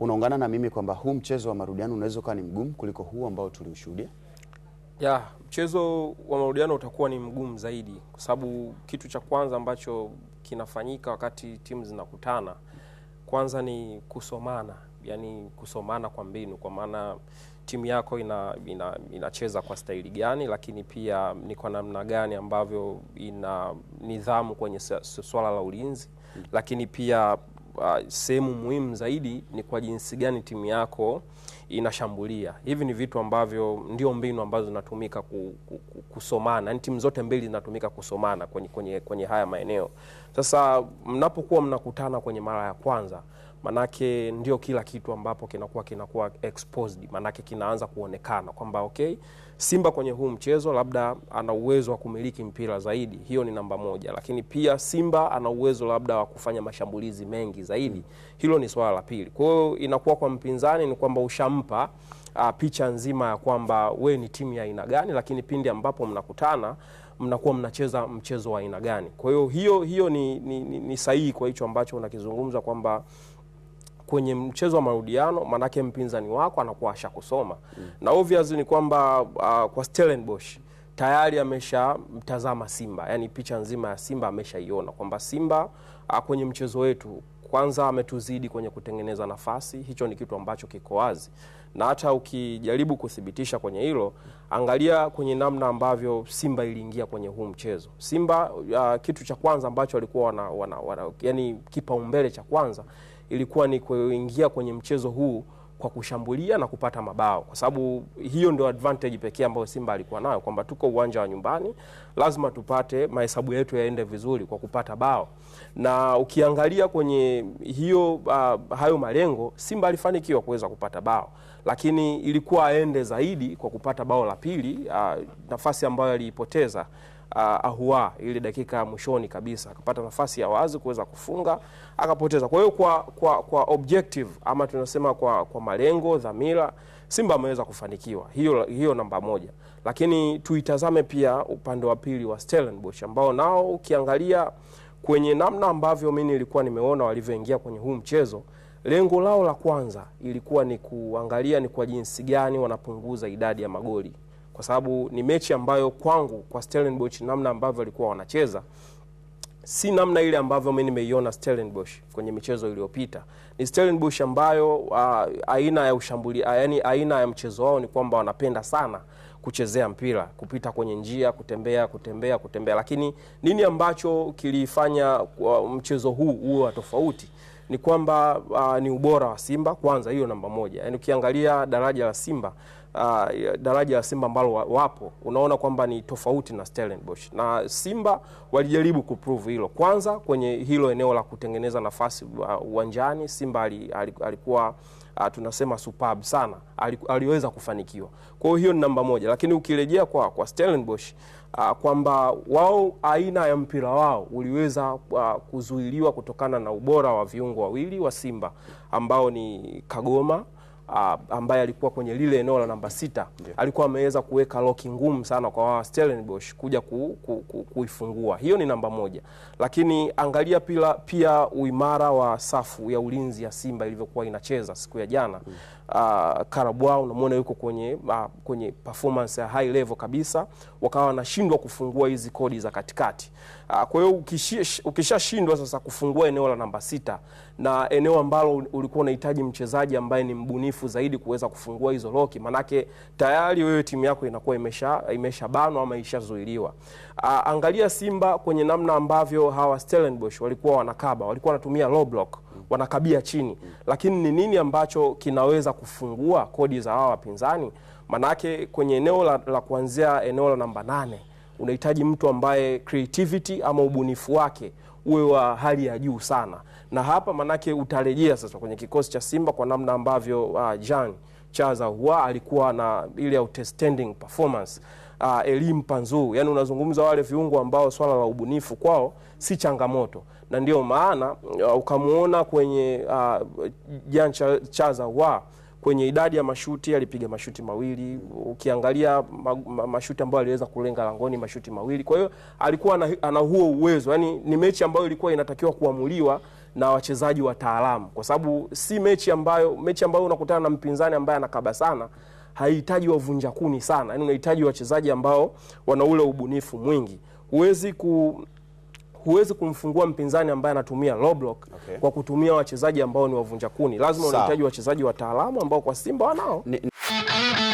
unaungana na mimi kwamba huu mchezo wa marudiano unaweza ukawa ni mgumu kuliko huu ambao tuliushuhudia? Ya, mchezo wa marudiano utakuwa ni mgumu zaidi, kwa sababu kitu cha kwanza ambacho kinafanyika wakati timu zinakutana kwanza ni kusomana, yani kusomana kwa mbinu, kwa maana timu yako ina, ina, inacheza kwa staili gani, lakini pia ni kwa namna gani ambavyo ina nidhamu kwenye swala la ulinzi, lakini pia uh, sehemu muhimu zaidi ni kwa jinsi gani timu yako inashambulia. Hivi ni vitu ambavyo ndio mbinu ambazo zinatumika ku, ku, ku, kusomana, yani timu zote mbili zinatumika kusomana kwenye, kwenye, kwenye haya maeneo. Sasa mnapokuwa mnakutana kwenye mara ya kwanza manake ndio kila kitu ambapo kinakuwa kinakuwa exposed, manake kinaanza kuonekana kwamba okay, Simba kwenye huu mchezo labda ana uwezo wa kumiliki mpira zaidi, hiyo ni namba moja, lakini pia Simba ana uwezo labda wa kufanya mashambulizi mengi zaidi, hilo ni swala la pili. Kwa hiyo inakuwa kwa mpinzani ni kwamba ushampa a, ah, picha nzima ya kwamba we ni timu ya aina gani, lakini pindi ambapo mnakutana mnakuwa mnacheza mchezo wa aina gani. Kwa hiyo hiyo hiyo ni, ni, ni, ni sahihi kwa hicho ambacho unakizungumza kwamba kwenye mchezo wa marudiano, manake mpinzani wako anakuwa ashakusoma mm. na obviously ni kwamba uh, kwa Stellenbosch tayari ameshamtazama Simba, yani picha nzima ya Simba ameshaiona kwamba Simba uh, kwenye mchezo wetu kwanza ametuzidi kwenye kutengeneza nafasi, hicho ni kitu ambacho kiko wazi, na hata ukijaribu kuthibitisha kwenye hilo, angalia kwenye namna ambavyo Simba iliingia kwenye huu mchezo. Simba uh, kitu cha kwanza ambacho walikuwa wana, wana, wana, yani kipaumbele cha kwanza ilikuwa ni kuingia kwenye mchezo huu kwa kushambulia na kupata mabao, kwa sababu hiyo ndio advantage pekee ambayo Simba alikuwa nayo, kwamba tuko uwanja wa nyumbani, lazima tupate, mahesabu yetu yaende vizuri kwa kupata bao. Na ukiangalia kwenye hiyo uh, hayo malengo Simba alifanikiwa kuweza kupata bao, lakini ilikuwa aende zaidi kwa kupata bao la pili, uh, nafasi ambayo aliipoteza uh, ahua ile dakika mwishoni kabisa akapata nafasi ya wazi kuweza kufunga akapoteza. Kwa hiyo kwa, kwa, kwa objective ama tunasema kwa, kwa malengo dhamira, Simba ameweza kufanikiwa hiyo, hiyo namba moja, lakini tuitazame pia upande wa pili wa Stellenbosch ambao nao ukiangalia kwenye namna ambavyo mimi nilikuwa nimeona walivyoingia kwenye huu mchezo, lengo lao la kwanza ilikuwa ni kuangalia ni kwa jinsi gani wanapunguza idadi ya magoli kwa sababu ni mechi ambayo kwangu kwa Stellenbosch, namna ambavyo walikuwa wanacheza si namna ile ambavyo mimi nimeiona Stellenbosch kwenye michezo iliyopita. Ni Stellenbosch ambayo uh, aina ya ushambuli, ah, yani aina ya mchezo wao ni kwamba wanapenda sana kuchezea mpira, kupita kwenye njia, kutembea, kutembea, kutembea. Lakini nini ambacho kilifanya ah, mchezo huu wa tofauti ni kwamba uh, ni ubora wa Simba kwanza, hiyo namba moja. Yani ukiangalia daraja la Simba uh, daraja ya Simba ambalo wapo, unaona kwamba ni tofauti na Stellenbosch, na Simba walijaribu kuprove hilo. Kwanza kwenye hilo eneo la kutengeneza nafasi uh, uwanjani, uh, Simba alikuwa Uh, tunasema superb sana, aliweza kufanikiwa. Kwa hiyo ni namba moja, lakini ukirejea kwa, kwa Stellenbosch uh, kwamba wao aina ya mpira wao uliweza uh, kuzuiliwa kutokana na ubora wa viungo wawili wa Simba ambao ni Kagoma uh, ambaye alikuwa kwenye lile eneo la namba sita yeah. Alikuwa ameweza kuweka loki ngumu sana kwa Stellenbosch kuja ku, ku, ku, kuifungua. Hiyo ni namba moja, lakini angalia pila, pia uimara wa safu ya ulinzi ya Simba ilivyokuwa inacheza siku ya jana mm. Uh, Karabwao unamwona yuko kwenye, uh, kwenye performance ya high level kabisa, wakawa wanashindwa kufungua hizi kodi za katikati uh, kwa hiyo ukishashindwa sasa kufungua eneo la namba sita na eneo ambalo ulikuwa unahitaji mchezaji ambaye ni mbunifu mrefu zaidi kuweza kufungua hizo loki, manake tayari wewe timu yako inakuwa imesha imeshabanwa ama ishazuiliwa. Angalia Simba kwenye namna ambavyo hawa Stellenbosch walikuwa wanakaba, walikuwa wanatumia low block wanakabia chini Lakini ni nini ambacho kinaweza kufungua kodi za hawa wapinzani? Manake kwenye eneo la, la kuanzia eneo la namba nane unahitaji mtu ambaye creativity ama ubunifu wake uwe wa hali ya juu sana na hapa manake utarejea sasa kwenye kikosi cha Simba kwa namna ambavyo uh, Jean Chaza huwa alikuwa na ile outstanding performance uh, elimu panzu, yani unazungumza wale viungo ambao swala la ubunifu kwao si changamoto, na ndio maana uh, ukamuona kwenye uh, Jean Chaza huwa kwenye idadi ya mashuti alipiga mashuti mawili. Ukiangalia ma, ma, mashuti ambayo aliweza kulenga langoni mashuti mawili. Kwa hiyo alikuwa ana, ana huo uwezo, yani ni mechi ambayo ilikuwa inatakiwa kuamuliwa na wachezaji wataalamu, kwa sababu si mechi ambayo mechi ambayo unakutana na mpinzani ambaye anakaba sana haihitaji wavunja kuni sana, yaani unahitaji wachezaji ambao wana ule ubunifu mwingi. Huwezi ku huwezi kumfungua mpinzani ambaye anatumia low block okay, kwa kutumia wachezaji ambao ni wavunja kuni. Lazima unahitaji wachezaji wataalamu ambao kwa Simba wanao ni, ni...